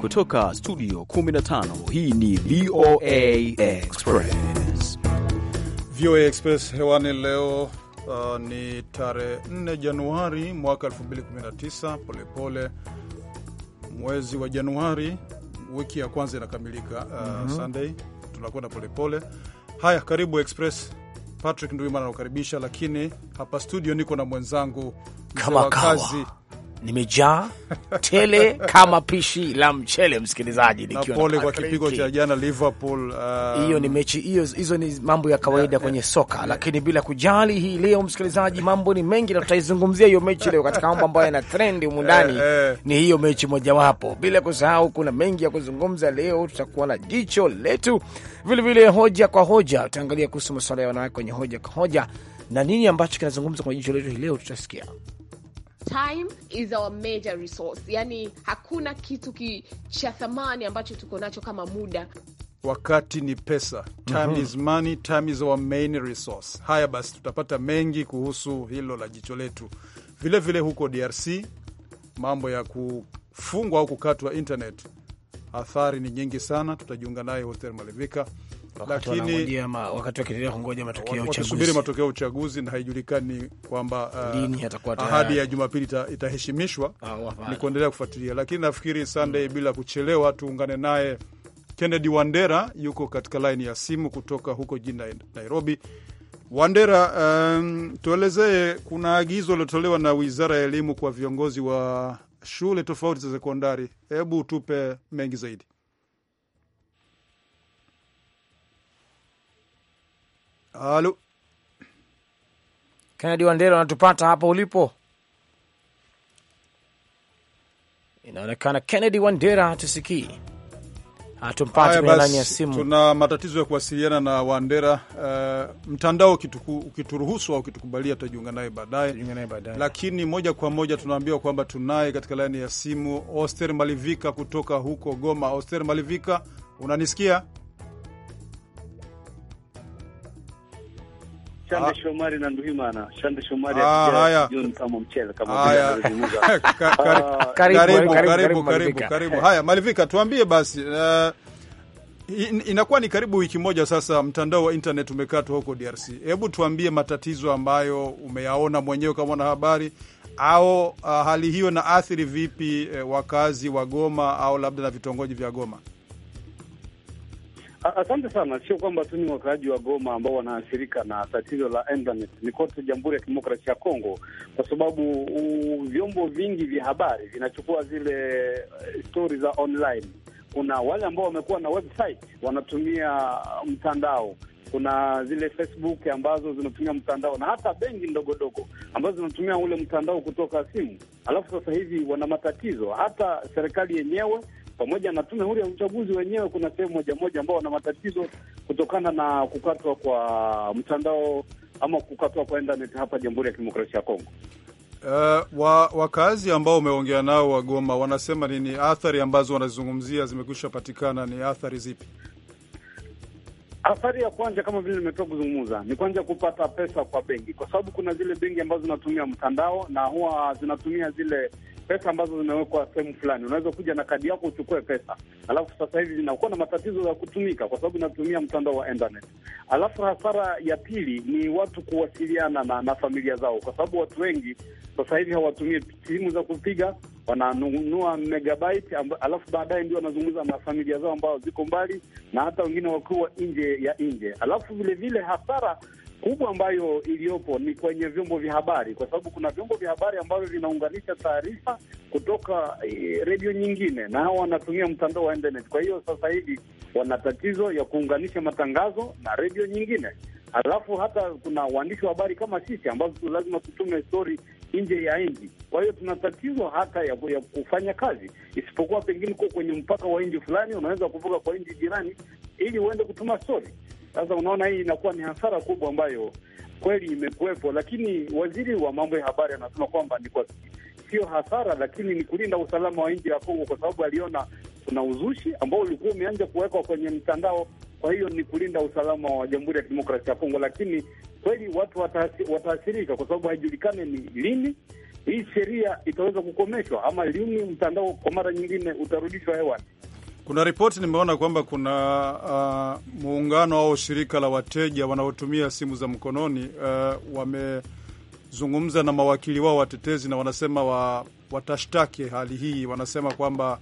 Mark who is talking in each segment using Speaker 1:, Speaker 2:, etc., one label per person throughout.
Speaker 1: Kutoka studio 15 hii ni VOA Express.
Speaker 2: VOA Express hewani leo, uh, ni tarehe 4 Januari mwaka 2019. Polepole mwezi wa Januari, wiki ya kwanza inakamilika. Uh, mm -hmm. Sunday tunakwenda polepole. Haya, karibu Express. Patrick nduimana anakukaribisha, lakini hapa studio niko na mwenzangu mzee kazi
Speaker 1: nimejaa tele kama pishi la mchele, msikilizaji, pole kwa kipigo cha
Speaker 2: jana Liverpool. Um, hiyo um... ni mechi hiyo,
Speaker 1: hizo ni mambo ya kawaida yeah, kwenye soka yeah. Lakini bila kujali, hii leo msikilizaji, mambo ni mengi na tutaizungumzia hiyo mechi leo katika mambo ambayo yana trend humu eh, ndani yeah, yeah. Ni hiyo mechi mojawapo, bila kusahau kuna mengi ya kuzungumza leo. Tutakuwa na jicho letu vilevile, hoja kwa hoja, tutaangalia kuhusu masuala ya wanawake kwenye hoja kwa hoja na nini ambacho kinazungumza kwenye jicho letu hii leo,
Speaker 2: tutasikia
Speaker 3: time is our major resource. Yani hakuna kitu ki cha thamani ambacho tuko nacho kama muda.
Speaker 2: Wakati ni pesa. Time mm -hmm. is money, time is our main resource. Haya basi, tutapata mengi kuhusu hilo la jicho letu. Vilevile huko DRC mambo ya kufungwa au kukatwa internet, athari ni nyingi sana. Tutajiunga naye Hotel Malevika lakini wakati wakiendelea kungoja matokeo ya uchaguzi, wakisubiri matokeo ya uchaguzi, na haijulikani kwamba uh, ahadi ya Jumapili itaheshimishwa. Ah, ni kuendelea kufuatilia, lakini nafikiri Sunday, bila kuchelewa, tuungane naye Kennedy Wandera, yuko katika laini ya simu kutoka huko jijini Nairobi. Wandera, um, tuelezee, kuna agizo lilotolewa na Wizara ya Elimu kwa viongozi wa shule tofauti za sekondari. Hebu tupe mengi zaidi. Halo Kennedy Wandera, unatupata
Speaker 1: hapo ulipo? Inaonekana Kennedy
Speaker 2: Wandera hatusikii,
Speaker 1: hatumpati kwenye laini ya simu.
Speaker 2: Tuna matatizo ya kuwasiliana na Wandera. Uh, mtandao ukituruhusu au ukitukubalia, tutajiunga naye baadaye, lakini moja kwa moja tunaambiwa kwamba tunaye katika laini ya simu Oster Malivika kutoka huko Goma. Oster Malivika, unanisikia?
Speaker 4: Shande ah. Shomari na Nduhimana. Shande Shomari ah, haya. Kama mchele kama ah, karibu karibu karibu karibu.
Speaker 2: Haya, Malivika, tuambie basi uh, inakuwa ni karibu wiki moja sasa mtandao wa internet umekatwa huko DRC. Hebu tuambie matatizo ambayo umeyaona mwenyewe kama mwanahabari au uh, hali hiyo na athiri vipi eh, wakazi wa Goma au labda na vitongoji vya Goma?
Speaker 4: Asante sana. Sio kwamba tu ni wakaaji wa Goma ambao wanaathirika na tatizo la internet, ni kote Jamhuri ya Kidemokrasia ya Kongo, kwa sababu vyombo vingi vya habari vinachukua zile eh, stori za online. Kuna wale ambao wamekuwa na website wanatumia mtandao kuna zile Facebook ambazo zinatumia mtandao na hata benki ndogo ambazo zinatumia ule mtandao kutoka simu. Alafu sasa hivi wana matatizo, hata serikali yenyewe pamoja na tume huru ya uchaguzi wenyewe, kuna sehemu moja moja ambao wana matatizo kutokana na kukatwa kwa mtandao ama kukatwa kwa internet hapa Jamhuri ya Kidemokrasia ya Kongo.
Speaker 2: Uh, wa, wakazi ambao umeongea nao wa Goma wanasema nini? Athari ambazo wanazungumzia zimekwisha patikana ni athari zipi?
Speaker 4: Athari ya kwanza kama vile nimetoka kuzungumza ni kwanza kupata pesa kwa benki, kwa sababu kuna zile benki ambazo zinatumia mtandao na huwa zinatumia zile pesa ambazo zimewekwa sehemu fulani, unaweza kuja na kadi yako uchukue pesa, alafu sasa hivi zinakuwa na matatizo ya kutumika kwa sababu inatumia mtandao wa internet. Alafu hasara ya pili ni watu kuwasiliana na, na familia zao, kwa sababu watu wengi sasa hivi hawatumii simu za kupiga, wananunua megabyte, alafu baadaye ndio wanazungumza na familia zao ambao ziko mbali na hata wengine wakiwa nje ya nje. Alafu vilevile hasara kubwa ambayo iliyopo ni kwenye vyombo vya habari, kwa sababu kuna vyombo vya habari ambavyo vinaunganisha taarifa kutoka eh, redio nyingine, na hao wanatumia mtandao wa internet. Kwa hiyo sasa hivi wana tatizo ya kuunganisha matangazo na redio nyingine, alafu hata kuna waandishi wa habari kama sisi ambazo lazima tutume stori nje ya nchi. Kwa hiyo tuna tatizo hata ya, ya kufanya kazi, isipokuwa pengine uko kwenye mpaka wa nchi fulani, unaweza kuvuka kwa nchi jirani ili uende kutuma stori. Sasa unaona, hii inakuwa ni hasara kubwa ambayo kweli imekuwepo, lakini waziri wa mambo ya habari anasema kwamba ni kwa sio hasara, lakini ni kulinda usalama wa nchi ya Kongo, kwa sababu aliona kuna uzushi ambao ulikuwa umeanza kuwekwa kwenye mtandao. Kwa hiyo ni kulinda usalama wa Jamhuri ya Kidemokrasia ya Kongo, lakini kweli watu wataathirika, kwa sababu haijulikane ni lini hii sheria itaweza kukomeshwa ama lini mtandao kwa mara nyingine utarudishwa hewani.
Speaker 2: Kuna ripoti nimeona kwamba kuna uh, muungano au shirika la wateja wanaotumia simu za mkononi uh, wamezungumza na mawakili wao watetezi na wanasema wa, watashtaki hali hii. Wanasema kwamba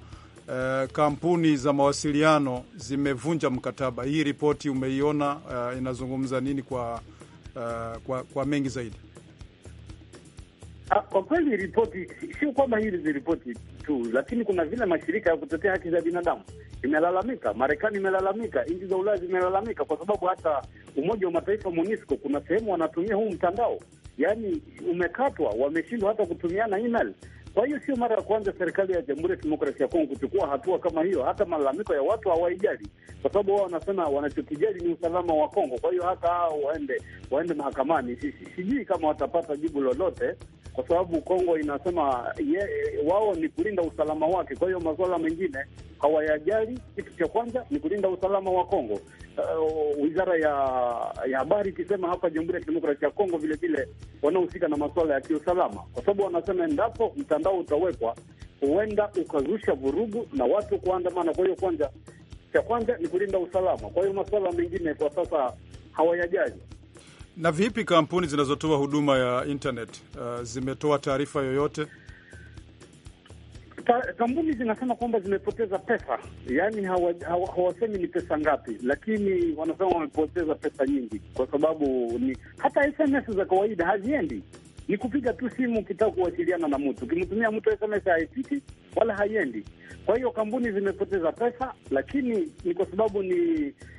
Speaker 2: uh, kampuni za mawasiliano zimevunja mkataba. Hii ripoti umeiona, uh, inazungumza nini kwa, uh, kwa, kwa mengi zaidi?
Speaker 4: Ah, kwa kweli ripoti sio kwamba hizi ni ripoti tu, lakini kuna vile mashirika ya kutetea haki za binadamu imelalamika, Marekani imelalamika, nchi za Ulaya zimelalamika, kwa sababu hata Umoja wa Mataifa MONUSCO kuna sehemu wanatumia huu mtandao, yaani umekatwa, wameshindwa hata kutumiana email. Kwa hiyo sio mara ya kwanza serikali ya Jamhuri ya Kidemokrasia ya Kongo kuchukua hatua kama hiyo. Hata malalamiko ya watu hawaijali, kwa sababu wao wanasema wanachokijali ni usalama wa Kongo. Kwa hiyo hata hao waende waende mahakamani, sisi sijui kama watapata jibu lolote kwa sababu Kongo inasema wao ni kulinda usalama wake. Kwa hiyo masuala mengine hawayajali. Kitu cha kwanza ni kulinda usalama wa Kongo. Uh, wizara ya ya habari ikisema hapa Jamhuri ya Kidemokrasia ya Kongo vilevile wanaohusika na masuala ya kiusalama, kwa sababu wanasema endapo mtandao utawekwa huenda ukazusha vurugu na watu kuandamana. Kwa hiyo kwanza, cha kwanza ni kulinda usalama. Kwa hiyo masuala mengine kwa sasa hawayajali.
Speaker 2: Na vipi kampuni zinazotoa huduma ya internet uh, zimetoa taarifa yoyote?
Speaker 4: Kampuni zinasema kwamba zimepoteza pesa, yaani hawasemi hawa, hawa ni pesa ngapi, lakini wanasema wamepoteza pesa nyingi, kwa sababu ni hata SMS za kawaida haziendi ni kupiga tu simu ukitaka kuwasiliana na mtu. Ukimtumia mtu SMS haifiki wala haiendi. Kwa hiyo kampuni zimepoteza pesa, lakini ni kwa sababu ni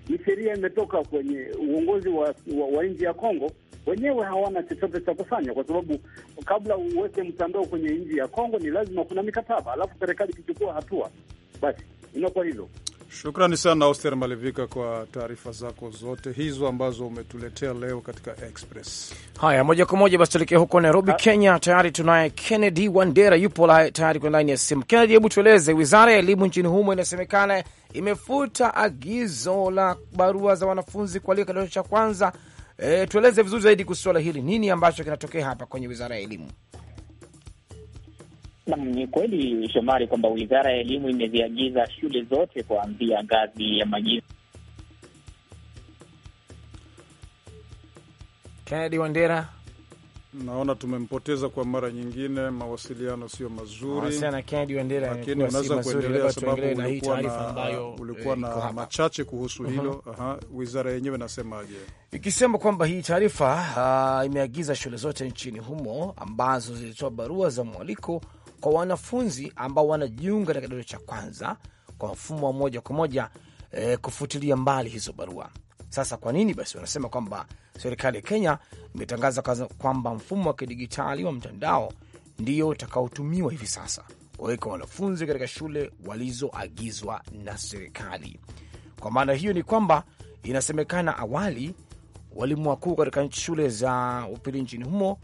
Speaker 4: ni sheria imetoka kwenye uongozi wa, wa, wa nchi ya Kongo. Wenyewe hawana chochote cha kufanya, kwa sababu kabla uweke mtandao kwenye nchi ya Kongo ni lazima kuna mikataba, alafu serikali ikichukua hatua, basi inakuwa hivyo.
Speaker 2: Shukrani sana Auster Malivika kwa taarifa zako zote hizo ambazo umetuletea leo katika Express.
Speaker 1: Haya, moja kwa moja basi tuelekee huko Nairobi, ha? Ah. Kenya. Tayari tunaye Kennedy Wandera, yupo tayari kwenye laini ya simu. Kennedy, hebu tueleze, wizara ya elimu nchini humo inasemekana imefuta agizo la barua za wanafunzi lio kidato cha kwanza. E, tueleze vizuri zaidi kuhusu swala hili, nini ambacho kinatokea hapa kwenye wizara ya elimu? Nam, ni kweli Shomari kwamba wizara ya elimu imeziagiza
Speaker 4: shule zote kuanzia ngazi ya majina.
Speaker 2: Kennedy Wandera, naona tumempoteza kwa mara nyingine, mawasiliano sio mazuri, lakini unaweza kuendelea sababu ulikuwa na, ambayo, uh, ulikuwa eh, na machache kuhusu mhm. hilo uh -huh. Aha, wizara yenyewe inasemaje?
Speaker 1: Ikisema kwamba hii taarifa uh, imeagiza shule zote nchini humo ambazo zilitoa barua za mwaliko kwa wanafunzi ambao wanajiunga na kidato cha kwanza kwa mfumo wa moja kwa moja e, kufutilia mbali hizo barua. Sasa kwa nini basi? Wanasema kwamba serikali ya Kenya imetangaza kwamba mfumo wa kidigitali wa mtandao ndio utakaotumiwa hivi sasa waweka wanafunzi katika shule walizoagizwa na serikali. Kwa maana hiyo ni kwamba inasemekana awali walimu wakuu katika shule za upili nchini humo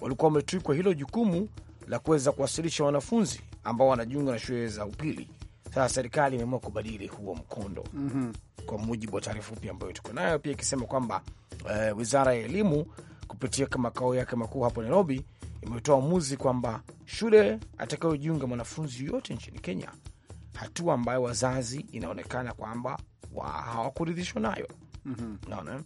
Speaker 1: walikuwa wametwikwa hilo jukumu la kuweza kuwasilisha wanafunzi ambao wanajiunga na shule za upili. Sasa serikali imeamua kubadili huo mkondo mm -hmm. kwa mujibu wa taarifa upya ambayo tuko nayo, pia ikisema kwamba uh, wizara ya elimu kupitia makao yake makuu hapo Nairobi imetoa uamuzi kwamba shule atakayojiunga mwanafunzi yoyote nchini Kenya, hatua ambayo wazazi inaonekana kwamba wa hawakuridhishwa nayo mm -hmm. naona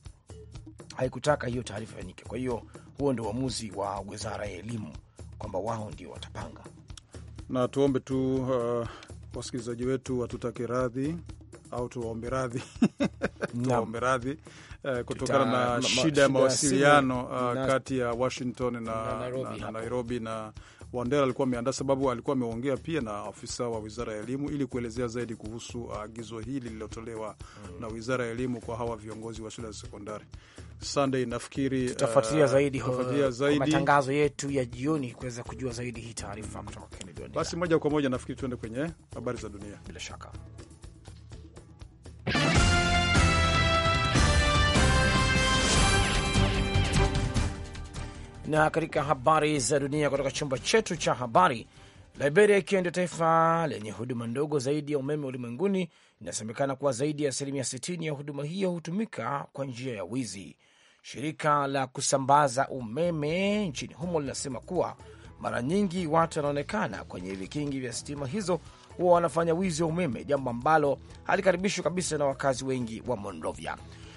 Speaker 1: haikutaka hiyo taarifa ifanyike. Kwa hiyo huo ndio uamuzi wa wizara ya elimu kwamba wao ndio watapanga,
Speaker 2: na tuombe tu uh, wasikilizaji wetu watutake radhi au tuwaombe radhi tuwaombe radhi eh, kutokana na, na shida ya mawasiliano uh, kati ya Washington na, na Nairobi na, na, Nairobi na Wandera alikuwa ameandaa, sababu alikuwa ameongea pia na afisa wa wizara ya elimu ili kuelezea zaidi kuhusu agizo uh, hili lililotolewa mm. na wizara ya elimu kwa hawa viongozi wa shule za sekondari. Sunday nafikiri eh, tutafuatilia uh, zaidi, zaidi matangazo
Speaker 1: yetu ya jioni kuweza kujua zaidi hii taarifa kutoka.
Speaker 2: Basi moja kwa moja nafikiri tuende kwenye habari za dunia bila
Speaker 1: shaka. Na katika habari za dunia kutoka chumba chetu cha habari, Liberia ikiwa ndio taifa lenye huduma ndogo zaidi ya umeme ulimwenguni, inasemekana kuwa zaidi ya asilimia 60 ya huduma hiyo hutumika kwa njia ya wizi. Shirika la kusambaza umeme nchini humo linasema kuwa mara nyingi watu wanaonekana kwenye vikingi vya stima hizo huwa wanafanya wizi wa umeme, jambo ambalo halikaribishwi kabisa na wakazi wengi wa Monrovia.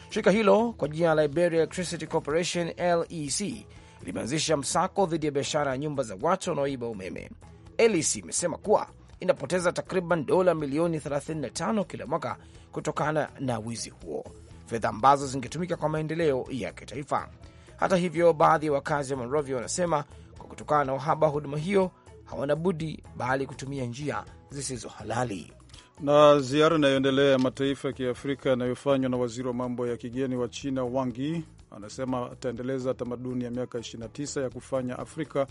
Speaker 1: Shirika hilo kwa jina la Liberia Electricity Corporation LEC limeanzisha msako dhidi ya biashara ya nyumba za watu wanaoiba umeme. Elisi imesema kuwa inapoteza takriban dola milioni 35 kila mwaka kutokana na wizi huo, fedha ambazo zingetumika kwa maendeleo ya kitaifa. Hata hivyo, baadhi ya wakazi wa Monrovia wanasema kwa kutokana na uhaba wa huduma hiyo hawana budi bali kutumia njia zisizo halali.
Speaker 2: Na ziara inayoendelea ya mataifa ya Kiafrika yanayofanywa na waziri wa mambo ya kigeni wa China Wang Yi Anasema ataendeleza tamaduni ya miaka 29 ya kufanya Afrika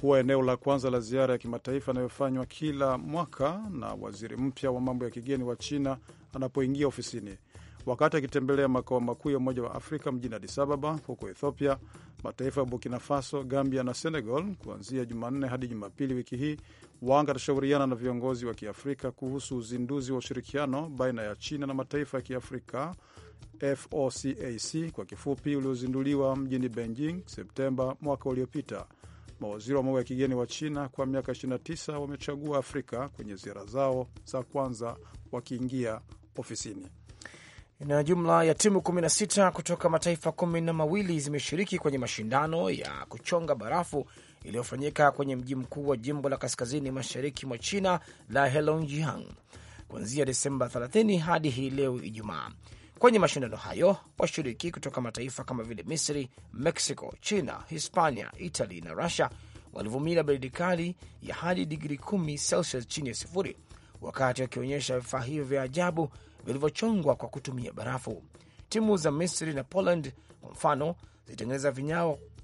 Speaker 2: kuwa eneo la kwanza la ziara ya kimataifa anayofanywa kila mwaka na waziri mpya wa mambo ya kigeni wa China anapoingia ofisini. Wakati akitembelea makao makuu ya Umoja wa Afrika mjini Addis Ababa huko Ethiopia, mataifa ya Burkina Faso, Gambia na Senegal kuanzia Jumanne hadi Jumapili wiki hii, wanga atashauriana na viongozi wa Kiafrika kuhusu uzinduzi wa ushirikiano baina ya China na mataifa ya Kiafrika FOCAC kwa kifupi, uliozinduliwa mjini Beijing Septemba mwaka uliopita. Mawaziri wa mambo ya kigeni wa China kwa miaka 29 wamechagua Afrika kwenye ziara zao za kwanza wakiingia ofisini.
Speaker 1: Na jumla ya timu 16 kutoka mataifa kumi na mawili zimeshiriki kwenye mashindano ya kuchonga barafu iliyofanyika kwenye mji mkuu wa jimbo la kaskazini mashariki mwa China la Heilongjiang kuanzia Desemba 30 hadi hii leo Ijumaa. Kwenye mashindano hayo washiriki kutoka mataifa kama vile Misri, Mexico, China, Hispania, Italy na Rusia walivumilia baridi kali ya hadi digri kumi Celsius chini ya sifuri, wakati wakionyesha vifaa hivyo vya ajabu vilivyochongwa kwa kutumia barafu. Timu za Misri na Poland kwa mfano zilitengeneza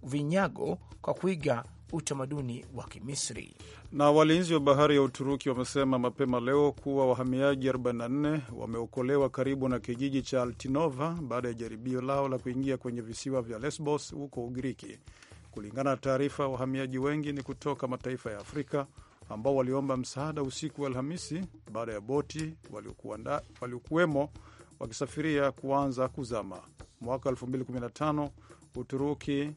Speaker 1: vinyago kwa kuiga utamaduni
Speaker 2: wa Kimisri. Na walinzi wa bahari ya Uturuki wamesema mapema leo kuwa wahamiaji 44 wameokolewa karibu na kijiji cha Altinova baada ya jaribio lao la kuingia kwenye visiwa vya Lesbos huko Ugiriki. Kulingana na taarifa, wahamiaji wengi ni kutoka mataifa ya Afrika ambao waliomba msaada usiku wa Alhamisi baada ya boti waliokuwemo wakisafiria kuanza kuzama. Mwaka 2015 Uturuki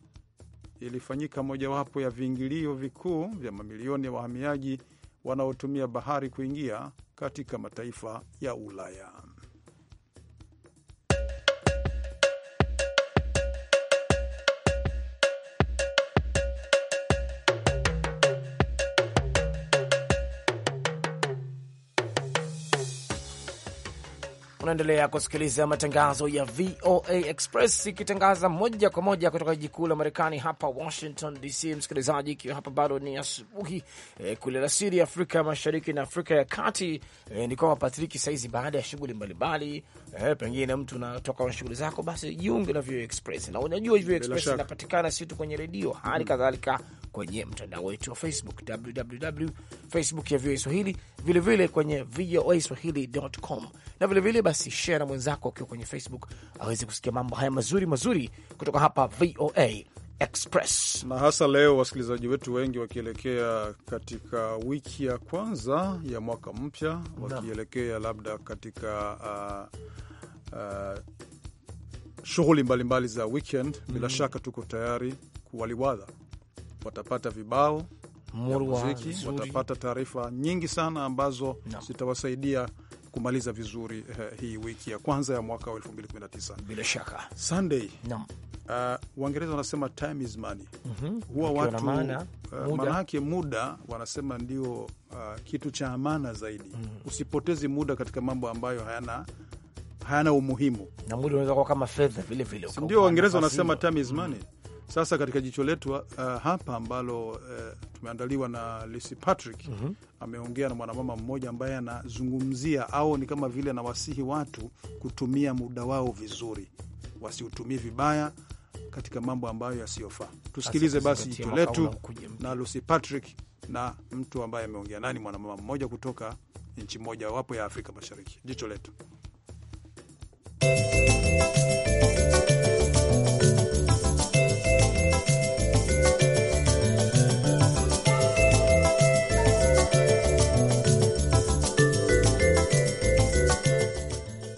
Speaker 2: ilifanyika mojawapo ya viingilio vikuu vya mamilioni ya wahamiaji wanaotumia bahari kuingia katika mataifa ya Ulaya.
Speaker 1: Unaendelea kusikiliza matangazo ya VOA Express ikitangaza moja kwa moja kutoka jiji kuu la Marekani hapa Washington DC. Msikilizaji, ikiwa hapa bado ni asubuhi e, kule alasiri Afrika Mashariki na Afrika ya Kati e, eh, ni kwamba Patriki saizi baada ya shughuli mbalimbali e, pengine mtu unatoka na shughuli zako, basi jiunge na VOA Express na unajua VOA Express inapatikana si tu kwenye redio, hali kadhalika kwenye mtandao wetu wa Facebook www facebook ya VOA Swahili, vilevile kwenye VOA Swahili.com na vilevile basi, share na mwenzako akiwa kwenye Facebook aweze kusikia mambo haya mazuri mazuri kutoka hapa VOA Express.
Speaker 2: Na hasa leo wasikilizaji wetu wengi wakielekea katika wiki ya kwanza ya mwaka mpya, wakielekea labda katika uh, uh, shughuli mbalimbali za weekend. Bila mm -hmm. shaka tuko tayari kuwaliwadha watapata vibao muziki, watapata taarifa nyingi sana ambazo zitawasaidia kumaliza vizuri uh, hii wiki ya kwanza ya mwaka wa 2019 bila shaka. Sunday uh, wanasema time is money. mm -hmm. Huwa watu maana yake eh, uh, muda wanasema ndio uh, kitu cha amana zaidi. mm -hmm. Usipotezi muda katika mambo ambayo hayana
Speaker 1: hayana umuhimu, na muda unaweza kuwa kama fedha vile vile, ndio Waingereza wanasema time is money. mm
Speaker 2: -hmm. Sasa katika jicho letu uh, hapa ambalo uh, tumeandaliwa na Lucy Patrick mm -hmm. Ameongea na mwanamama mmoja ambaye anazungumzia au ni kama vile anawasihi watu kutumia muda wao vizuri, wasiutumie vibaya katika mambo ambayo yasiyofaa. Tusikilize basi jicho letu na Lucy Patrick na mtu ambaye ameongea nani, mwanamama mmoja kutoka nchi moja wapo ya Afrika Mashariki. Jicho letu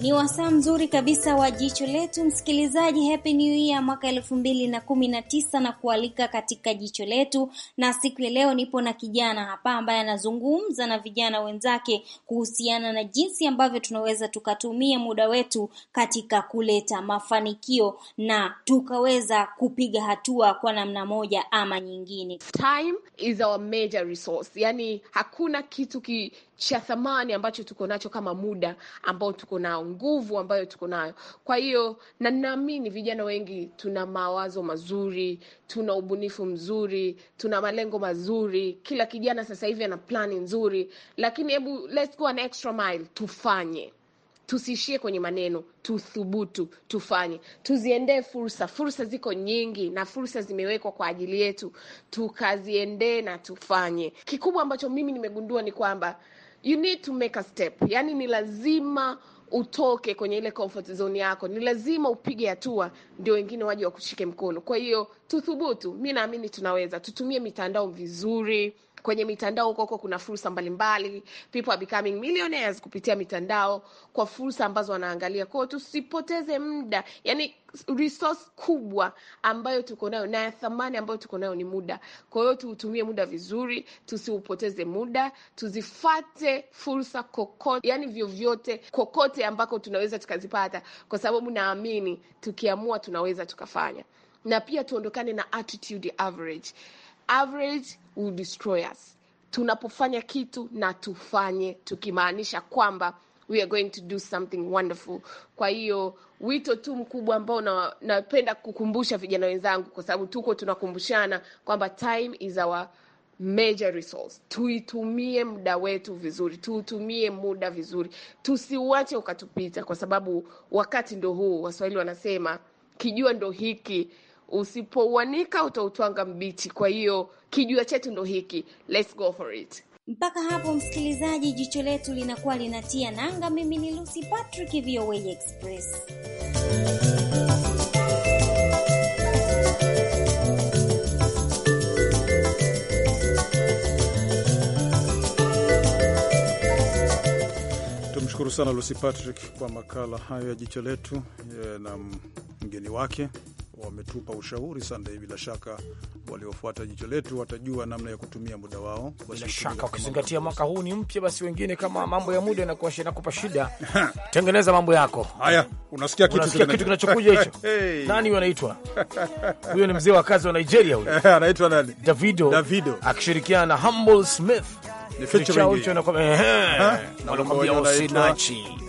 Speaker 5: Ni wasaa mzuri kabisa wa jicho letu, msikilizaji. Happy New Year mwaka elfu mbili na kumi na tisa na kualika katika jicho letu, na siku ya leo nipo na kijana hapa ambaye anazungumza na vijana wenzake kuhusiana na jinsi ambavyo tunaweza tukatumia muda wetu katika kuleta mafanikio
Speaker 3: na tukaweza kupiga hatua kwa namna moja ama nyingine. Time is our major resource, yani hakuna kitu ki cha thamani ambacho tuko nacho kama muda ambao tuko nao nguvu ambayo tuko nayo. Kwa hiyo na ninaamini vijana wengi tuna mawazo mazuri, tuna ubunifu mzuri, tuna malengo mazuri. Kila kijana sasa hivi ana plani nzuri, lakini hebu let's go an extra mile, tufanye Tusiishie kwenye maneno, tuthubutu, tufanye, tuziendee fursa. Fursa ziko nyingi na fursa zimewekwa kwa ajili yetu, tukaziendee na tufanye. Kikubwa ambacho mimi nimegundua ni kwamba you need to make a step, yani ni lazima utoke kwenye ile comfort zone yako, ni lazima upige hatua ndio wengine waje wakushike mkono. Kwa hiyo tuthubutu, mi naamini tunaweza, tutumie mitandao vizuri kwenye mitandao huko huko kuna fursa mbalimbali, people are becoming millionaires kupitia mitandao kwa fursa ambazo wanaangalia kwao. Tusipoteze muda, yani resource kubwa ambayo tuko nayo na thamani ambayo tuko nayo ni muda. Kwa hiyo tuutumie muda vizuri, tusiupoteze muda, tuzifate fursa kokote, yani vyovyote, kokote ambako tunaweza tukazipata, kwa sababu naamini tukiamua tunaweza tukafanya, na pia tuondokane na attitude average average will destroy us. Tunapofanya kitu na tufanye tukimaanisha kwamba we are going to do something wonderful. Kwa hiyo wito tu mkubwa ambao napenda na kukumbusha vijana wenzangu, kwa sababu tuko tunakumbushana kwamba time is our major resource. Tuitumie muda wetu vizuri, tuutumie muda vizuri, tusiuache ukatupita, kwa sababu wakati ndo huu. Waswahili wanasema kijua ndo hiki, usipouanika utautwanga mbichi. Kwa hiyo kijua chetu ndo hiki, let's go for it.
Speaker 5: Mpaka hapo msikilizaji, jicho letu linakuwa linatia nanga. Mimi ni Lucy Patrick, VOA Express.
Speaker 2: Tumshukuru sana Lucy Patrick kwa makala hayo ya jicho letu eh, na mgeni wake wametupa ushauri sana. Bila shaka waliofuata jicho letu watajua namna ya kutumia muda wao, bila shaka ukizingatia mwaka huu ni mpya. Basi wengine kama mambo ya muda nakupa shida,
Speaker 1: tengeneza mambo yako.
Speaker 2: Haya, unasikia kitu kitu kinachokuja hicho? Nani anaitwa? Huyo
Speaker 1: ni mzee wa kazi wa Nigeria, huyo anaitwa nani? Davido, Davido akishirikiana na Humble Smith, ni feature hicho, ya usinachi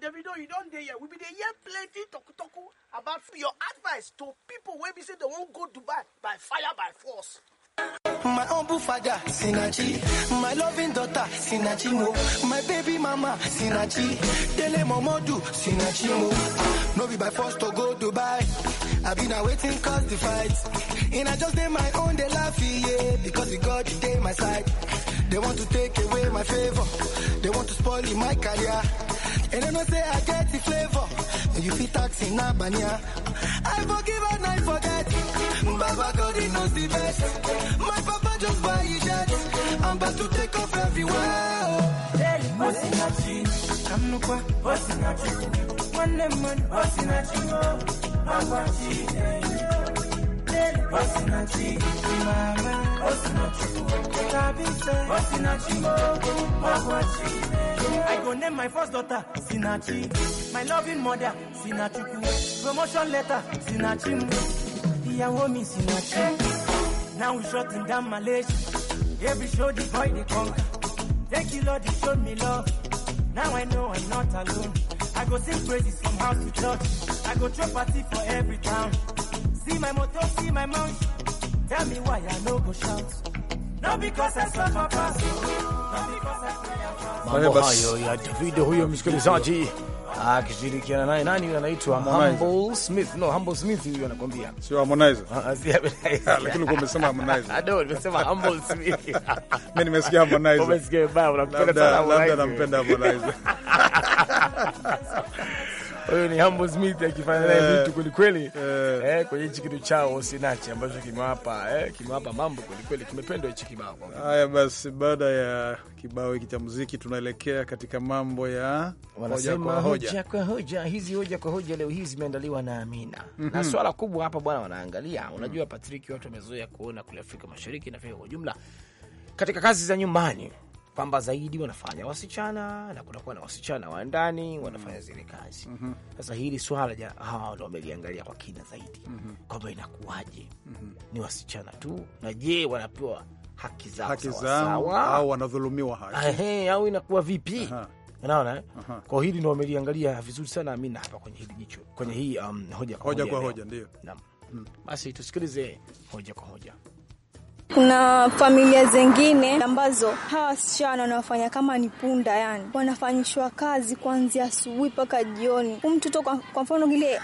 Speaker 1: davido you don dey here we be dey hear plenty talk about your advice to people when we say they won't go dubai by fire by force my humble father sinachi my loving daughter sinachi mo my baby mama sinachi tele momodu sinachi mo ah, no be by force to go dubai i have been awaiting cause the fight and i just did my own dey laugh yeah because the god dey my side they want to take away my favour they want to spoil my career and I know say I get the flavor. You fit taxi now, banya. I forgive and I forget. Baba God he knows the best. My papa just buy his jet. I'm about to take off everywhere. Oh. Hey, what's in that cheese? I'm no qua. What's in that cheese? One lemon. What's in that cheese? I'm watching. What's in that cheese? Mama. I go name my first daughter
Speaker 4: Sinachi, my loving mother Sinachuku, promotion letter
Speaker 1: Sinachi, Iyawo mi Sinachi. Now we shutting down Malaysia. Every show the boy they conquer. Thank you Lord, you showed me love. Now I know I'm not alone. I go sing praises from house to church. I go throw party for every town. See my motto, see my mountain. Tell me why I no go shout. Not because I suffer past. because I pray Mambo hayo ya Davido ah, huyo msikilizaji akishirikiana naye nani anaitwa Humble Smith. No, Humble Smith huyo anakwambia.
Speaker 2: Sio Harmonize. Ah, ah, lakini uko umesema
Speaker 1: Harmonize. Ado, nimesema Humble
Speaker 2: Smith. Mimi nimesikia Harmonize. Umesikia baba, unapenda sana Harmonize. Labda nampenda Harmonize.
Speaker 1: Huyo ni Humble Smith akifanya naye eh. vitu kweli kweli, eh. eh, kwenye hichi kitu chao usinache ambacho kimewapa eh, kimewapa mambo kweli kweli, kimependwa hichi kibao.
Speaker 2: Haya basi, baada ya kibao hiki cha muziki, tunaelekea katika mambo ya wanasema hoja
Speaker 1: kwa hoja. Hizi hoja kwa hoja leo hii zimeandaliwa na Amina mm -hmm. na mhm. swala kubwa hapa bwana, wanaangalia unajua, Patrick, watu wamezoea kuona kule Afrika Mashariki na kwa jumla katika kazi za nyumbani kwamba zaidi wanafanya wasichana na kutakuwa na wasichana wa ndani wanafanya zile kazi. mm -hmm. Sasa hili swala ja, hawa ndo wameliangalia kwa kina zaidi mm -hmm. kwamba inakuwaje? mm -hmm. ni wasichana tu, na je wanapewa haki zao au wanadhulumiwa haki au inakuwa vipi? Aha. Unaona, eh? kwa hili ndo wameliangalia vizuri sana mi na hapa kwenye hili jicho kwenye hii um, hoja kwa hoja, hoja, hoja, ndio. Naam, mm. basi tusikilize hoja kwa hoja.
Speaker 5: Kuna familia zingine ambazo hawa wasichana wanafanya kama ni punda, yani wanafanyishwa kazi kuanzia asubuhi mpaka jioni. Hu mtoto kwa, kwa mfano ile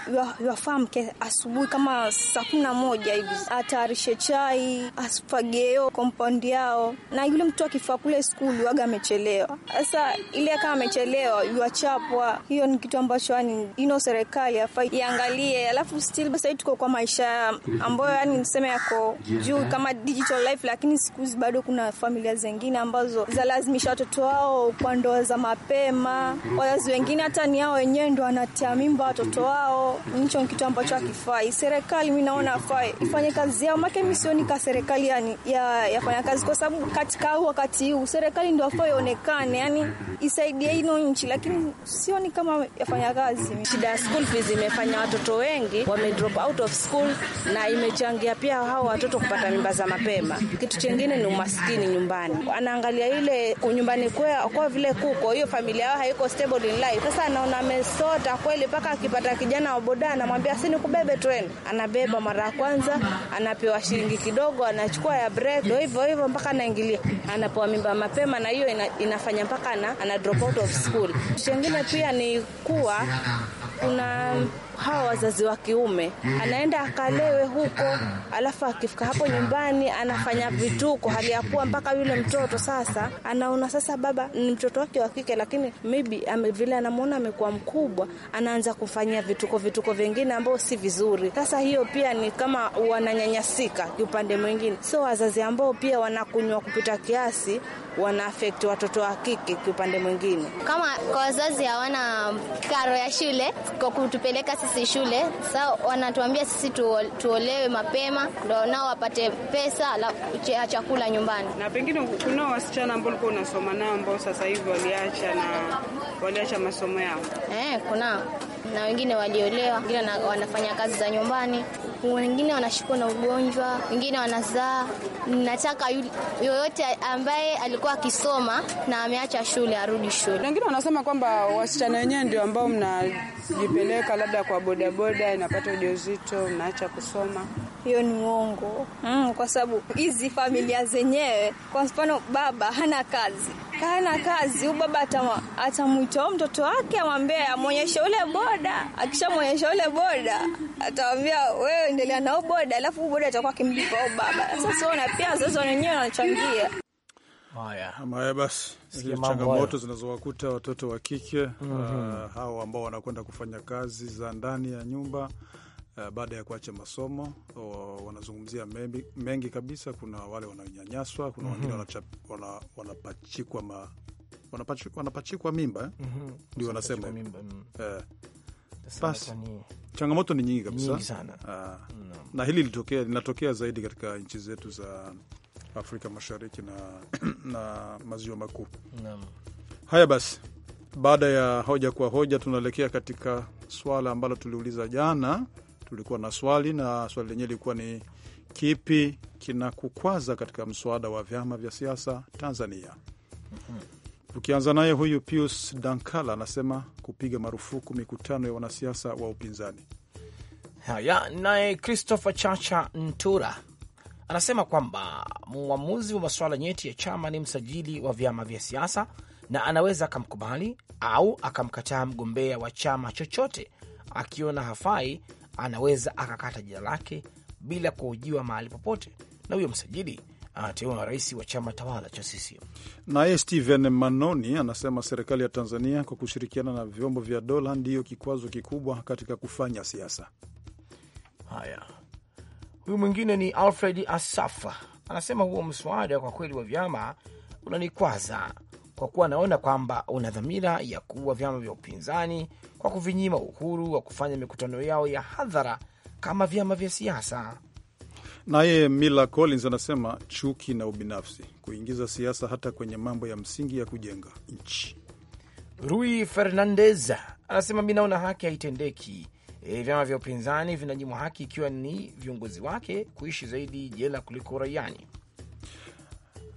Speaker 5: wafaa mke asubuhi kama saa kumi na moja hivi atayarishe chai asfageo compound yao, na yule mtoto akifaa kule skuli waga amechelewa. Sasa ile kama amechelewa yuachapwa. Hiyo ni kitu ambacho yani ino serikali afai iangalie, alafu still basi tuko kwa maisha ambayo yani niseme yako juu kama digital social life, lakini siku hizi bado kuna familia zingine ambazo zalazimisha watoto wao kwa ndoa za mapema. Wazazi wengine hata ni hao wenyewe ndo wanatia mimba watoto wao. Nicho ni kitu ambacho hakifai. Serikali mi naona afai ifanye kazi yao, make misioni ka serikali yani, ya yafanya kazi, kwa sababu katika huu wakati huu serikali ndo afai ionekane, yani isaidie ino nchi,
Speaker 6: lakini sioni kama yafanya kazi. Shida ya school fees imefanya watoto wengi wame drop out of school na imechangia pia hao watoto kupata mimba za mapema mzima. Kitu chengine ni umaskini nyumbani, anaangalia ile nyumbani kwao, kwa vile kuko hiyo familia yao haiko stable in life. Sasa anaona amesota kweli, mpaka akipata kijana wa boda anamwambia si kubebe twende, anabeba mara ya kwanza, anapewa shilingi kidogo, anachukua ya break, ndo hivyo hivyo mpaka anaingilia, anapewa mimba mapema, na hiyo ina, inafanya mpaka ana, ana drop out of school. Kitu pia ni kuwa kuna hawa wazazi wa kiume, anaenda akalewe huko, alafu akifika hapo nyumbani anafanya vituko, hali ya kuwa mpaka yule mtoto sasa anaona sasa baba ni mtoto wake wa kike, lakini maybe ame, vile anamwona amekuwa mkubwa, anaanza kufanyia vituko vituko vingine ambao si vizuri. Sasa hiyo pia ni kama wananyanyasika kiupande mwingine, so wazazi ambao pia wanakunywa kupita kiasi wana affect watoto wa kike kiupande mwingine, kama kwa wazazi hawana karo ya shule kwa kutupeleka sisi shule, sa wanatuambia sisi tuolewe mapema ndo nao wapate pesa la chakula nyumbani. Na pengine kuna wasichana ambao ulikuwa unasoma nao ambao sasa hivi waliacha na waliacha masomo yao. Eh, kuna na wengine waliolewa, wengine wanafanya kazi za nyumbani, wengine wanashikwa na ugonjwa, wengine wanazaa. Nataka yoyote ambaye alikuwa akisoma na ameacha shule arudi shule. Wengine wanasema kwamba wasichana wenyewe ndio ambao mnajipeleka labda kwa bodaboda, inapata ujauzito, mnaacha kusoma
Speaker 5: hiyo ni uongo mm, kwa sababu hizi familia zenyewe, kwa mfano, baba hana kazi kana kazi, huyu baba atamwita mtoto wake amwambie amwonyeshe ule boda. Akishamwonyesha ule boda, atawambia wewe endelea na boda, alafu boda atakuwa akimlipa u baba. Sasa ona pia wazazi wenyewe wanachangia
Speaker 2: Haya basi, zile changamoto zinazowakuta watoto wa kike mm -hmm. Uh, hao ambao wanakwenda kufanya kazi za ndani ya nyumba uh, baada ya kuacha masomo uh, wanazungumzia mengi, mengi kabisa. Kuna wale wanaonyanyaswa, kuna mm -hmm. wengine mhm. wana, wanapachikwa ma, wanapachikwa, wanapachikwa mimba eh? mhm. ndio mm -hmm. Eh. wanasema basi changamoto ni nyingi kabisa nyingi sana. Uh, ah. no. Na hili litokea, linatokea zaidi katika nchi zetu za Afrika Mashariki na, na maziwa makuu no. Haya basi, baada ya hoja kwa hoja, tunaelekea katika swala ambalo tuliuliza jana tulikuwa na swali na swali lenyewe lilikuwa ni kipi kinakukwaza katika mswada wa vyama vya siasa Tanzania? Hmm. Tukianza naye huyu Pius Dankala anasema kupiga marufuku mikutano ya wanasiasa wa upinzani. Haya, naye Christopher Chacha Ntura anasema kwamba mwamuzi wa
Speaker 1: masuala nyeti ya chama ni msajili wa vyama vya siasa, na anaweza akamkubali au akamkataa mgombea wa chama chochote akiona hafai anaweza akakata jina lake bila kuhojiwa mahali popote, na huyo msajili anateua na rais
Speaker 2: wa chama tawala cha CCM. Naye Steven Manoni anasema serikali ya Tanzania kwa kushirikiana na vyombo vya dola ndiyo kikwazo kikubwa katika kufanya siasa.
Speaker 1: Haya, huyu mwingine ni Alfred Asafa anasema huo mswada kwa kweli wa vyama unanikwaza, kwa kuwa anaona kwamba una dhamira ya kuua vyama vya upinzani kwa kuvinyima uhuru wa kufanya mikutano yao ya hadhara kama vyama vya siasa.
Speaker 2: Naye Mila Collins anasema chuki na ubinafsi kuingiza siasa hata kwenye mambo ya msingi ya kujenga nchi. Rui
Speaker 1: Fernandez anasema mi naona haki haitendeki. E, vyama vya upinzani vinanyimwa haki ikiwa ni viongozi wake kuishi zaidi jela kuliko uraiani.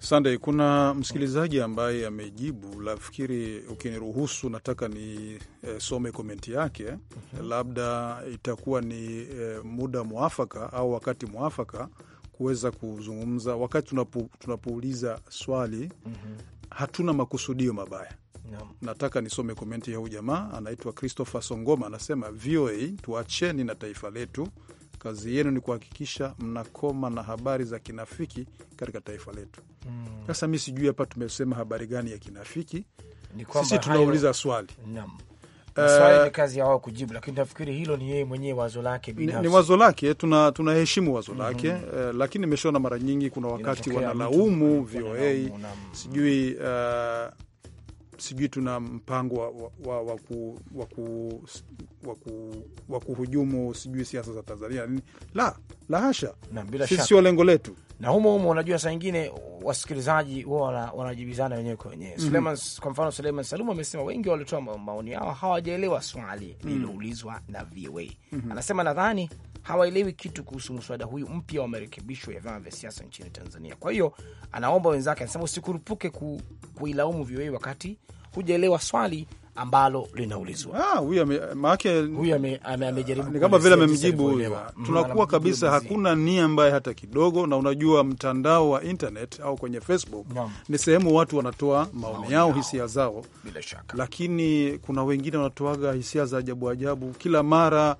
Speaker 2: Sunday, kuna msikilizaji ambaye amejibu, nafikiri ukiniruhusu, nataka nisome eh, e, komenti yake uh-huh. Labda itakuwa ni e, muda mwafaka au wakati mwafaka kuweza kuzungumza wakati tunapo, tunapouliza swali uh-huh. hatuna makusudio mabaya no. Nataka nisome komenti ya huyu jamaa anaitwa Christopher Songoma, anasema VOA, tuacheni na taifa letu kazi yenu ni kuhakikisha mnakoma na habari za kinafiki katika taifa letu. Hmm. Sasa mm. mi sijui hapa tumesema habari gani ya kinafiki? Sisi tunauliza swali
Speaker 1: eh, ni kazi ya wao kujibu, lakini nafikiri hilo ni yeye mwenyewe wazo lake binafsi. Ni, ni wazo
Speaker 2: lake, tunaheshimu tuna wazo mhm. lake mm -hmm. lakini imeshaona mara nyingi kuna wakati wanalaumu VOA sijui uh, sijui tuna mpango wa, wa, wa, ku, wa, ku, wa, ku, wa kuhujumu sijui siasa za Tanzania nini. La, la hasha, sisi sio lengo letu
Speaker 1: na humo humo, unajua saa ingine wasikilizaji wao wanajibizana wenyewe kwa wenyewe mm -hmm. Suleiman, kwa mfano Suleiman Salum amesema wengi walitoa maoni yao hawajaelewa swali mhm. lililoulizwa mm -hmm. na VOA mm -hmm. anasema nadhani hawaelewi kitu kuhusu mswada huyu mpya wa marekebisho ya vyama vya siasa nchini Tanzania. Kwa hiyo anaomba wenzake, anasema usikurupuke ku, kuilaumu VOA wakati hujaelewa swali ambalo linaulizwa. Ah, huyu maake huyu amejaribu ni kama vile amemjibu. huyu Tunakuwa
Speaker 2: kabisa, hakuna nia mbaya hata kidogo. Na unajua mtandao wa internet au kwenye Facebook no. ni sehemu watu wanatoa maoni yao, hisia zao, bila shaka, lakini kuna wengine wanatoaga hisia za ajabu ajabu kila mara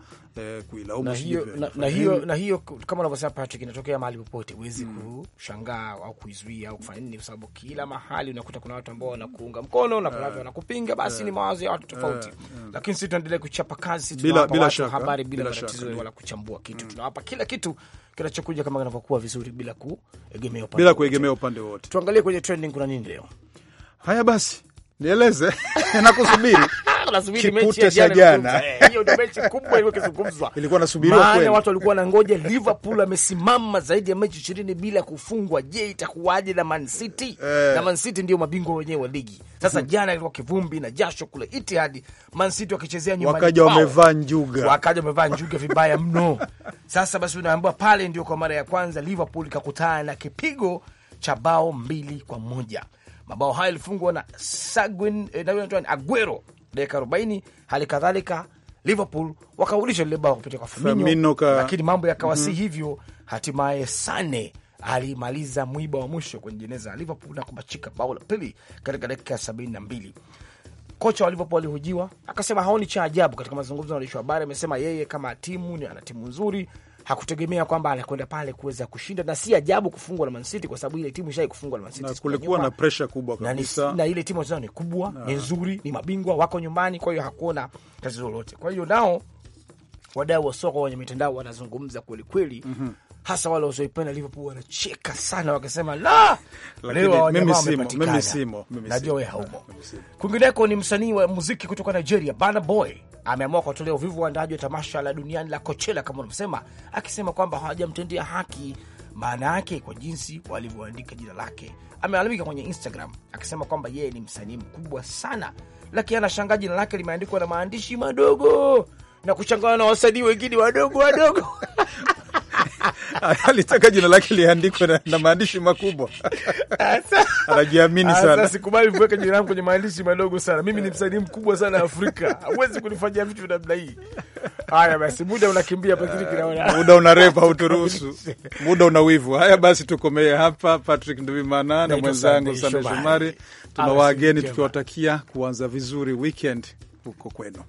Speaker 2: kuilaumu na hiyo, na, na hiyo,
Speaker 1: na hiyo kama unavyosema Patrick, inatokea mahali popote, huwezi mm. kushangaa au kuizuia au kufanya nini, kwa sababu kila mahali unakuta kuna watu ambao wanakuunga mkono na kuna eh. watu wanakupinga. Basi ni eh. mawazo ya watu eh. tofauti, lakini sisi tuendelee kuchapa kazi, tunawapa habari bila matatizo wala kuchambua kitu, mm. tunawapa kila kitu kinachokuja kama kinavyokuwa vizuri, bila kuegemea upande wote. Tuangalie kwenye trending kuna nini leo. Haya basi nieleze nakusubiri
Speaker 3: kipute cha jana eh, hiyo ndio mechi
Speaker 1: kubwa ilikuwa ikizungumzwa, ilikuwa nasubiriwa kweli, maana watu walikuwa wanangoja Liverpool amesimama zaidi ya mechi ishirini bila kufungwa. Je, itakuwaje na Man City? Eh, na Man City ndio mabingwa wenyewe wa ligi sasa. Mhm. Jana ilikuwa kivumbi na jasho kule Etihad, Man City wakichezea nyumbani, wakaja wamevaa njuga, wakaja wamevaa njuga vibaya mno. Sasa basi, unaambiwa pale ndio kwa mara ya kwanza Liverpool kakutana na kipigo cha bao mbili kwa moja Mabao hayo yalifungwa na Sagwin eh, Aguero dakika 40. Hali kadhalika Liverpool wakarudisha lile bao kupitia kwa Firmino, lakini mambo yakawa si mm -hmm. hivyo. Hatimaye Sane alimaliza mwiba wa mwisho kwenye jeneza ya Liverpool na kupachika bao la pili katika dakika ya sabini na mbili. Kocha wa Liverpool alihojiwa akasema haoni cha ajabu katika mazungumzo na waandishi wa habari. Amesema yeye kama timu ana timu nzuri, hakutegemea kwamba anakwenda pale kuweza kushinda, na si ajabu kufungwa na Man City kwa sababu ile timu ishai kufungwa
Speaker 2: na Man City. Na kulikuwa na presha kubwa kabisa, na, na
Speaker 1: ile timu wachezao ni kubwa ni nzuri, ni mabingwa, wako nyumbani, kwa hiyo hakuona tatizo lolote. Kwa hiyo nao wadau wa soka wenye mitandao wanazungumza kwelikweli, mm -hmm hasa wale wasioipenda Liverpool wanacheka sana wakisema, la mimi simo, mimi simo, najua wewe haumo. Kwingineko ni msanii wa muziki kutoka Nigeria Burna Boy ameamua kuwatolea uvivu waandaaji wa tamasha la duniani la Coachella kama unavyosema, akisema kwamba hawajamtendea haki maana yake kwa jinsi walivyoandika jina lake. Amealamika kwenye Instagram akisema kwamba yeye ni msanii mkubwa sana, lakini anashangaa jina lake limeandikwa na maandishi madogo na kuchangana na wasanii wengine wadogo wadogo
Speaker 2: alitaka jina lake liandikwe na, na maandishi makubwa anajiamini sana.
Speaker 1: Sikubali kuweka jina langu kwenye maandishi madogo sana. Mimi ni msanii mkubwa sana Afrika, huwezi kunifanyia vitu namna hii. Haya basi, muda unakimbia, Patrick, naona uh, muda unarepa,
Speaker 2: uturuhusu muda una wivu. Haya basi, tukomee hapa. Patrick Ndubimana na mwenzangu Sande Shomari tuna wageni tukiwatakia kuanza vizuri weekend huko kwenu.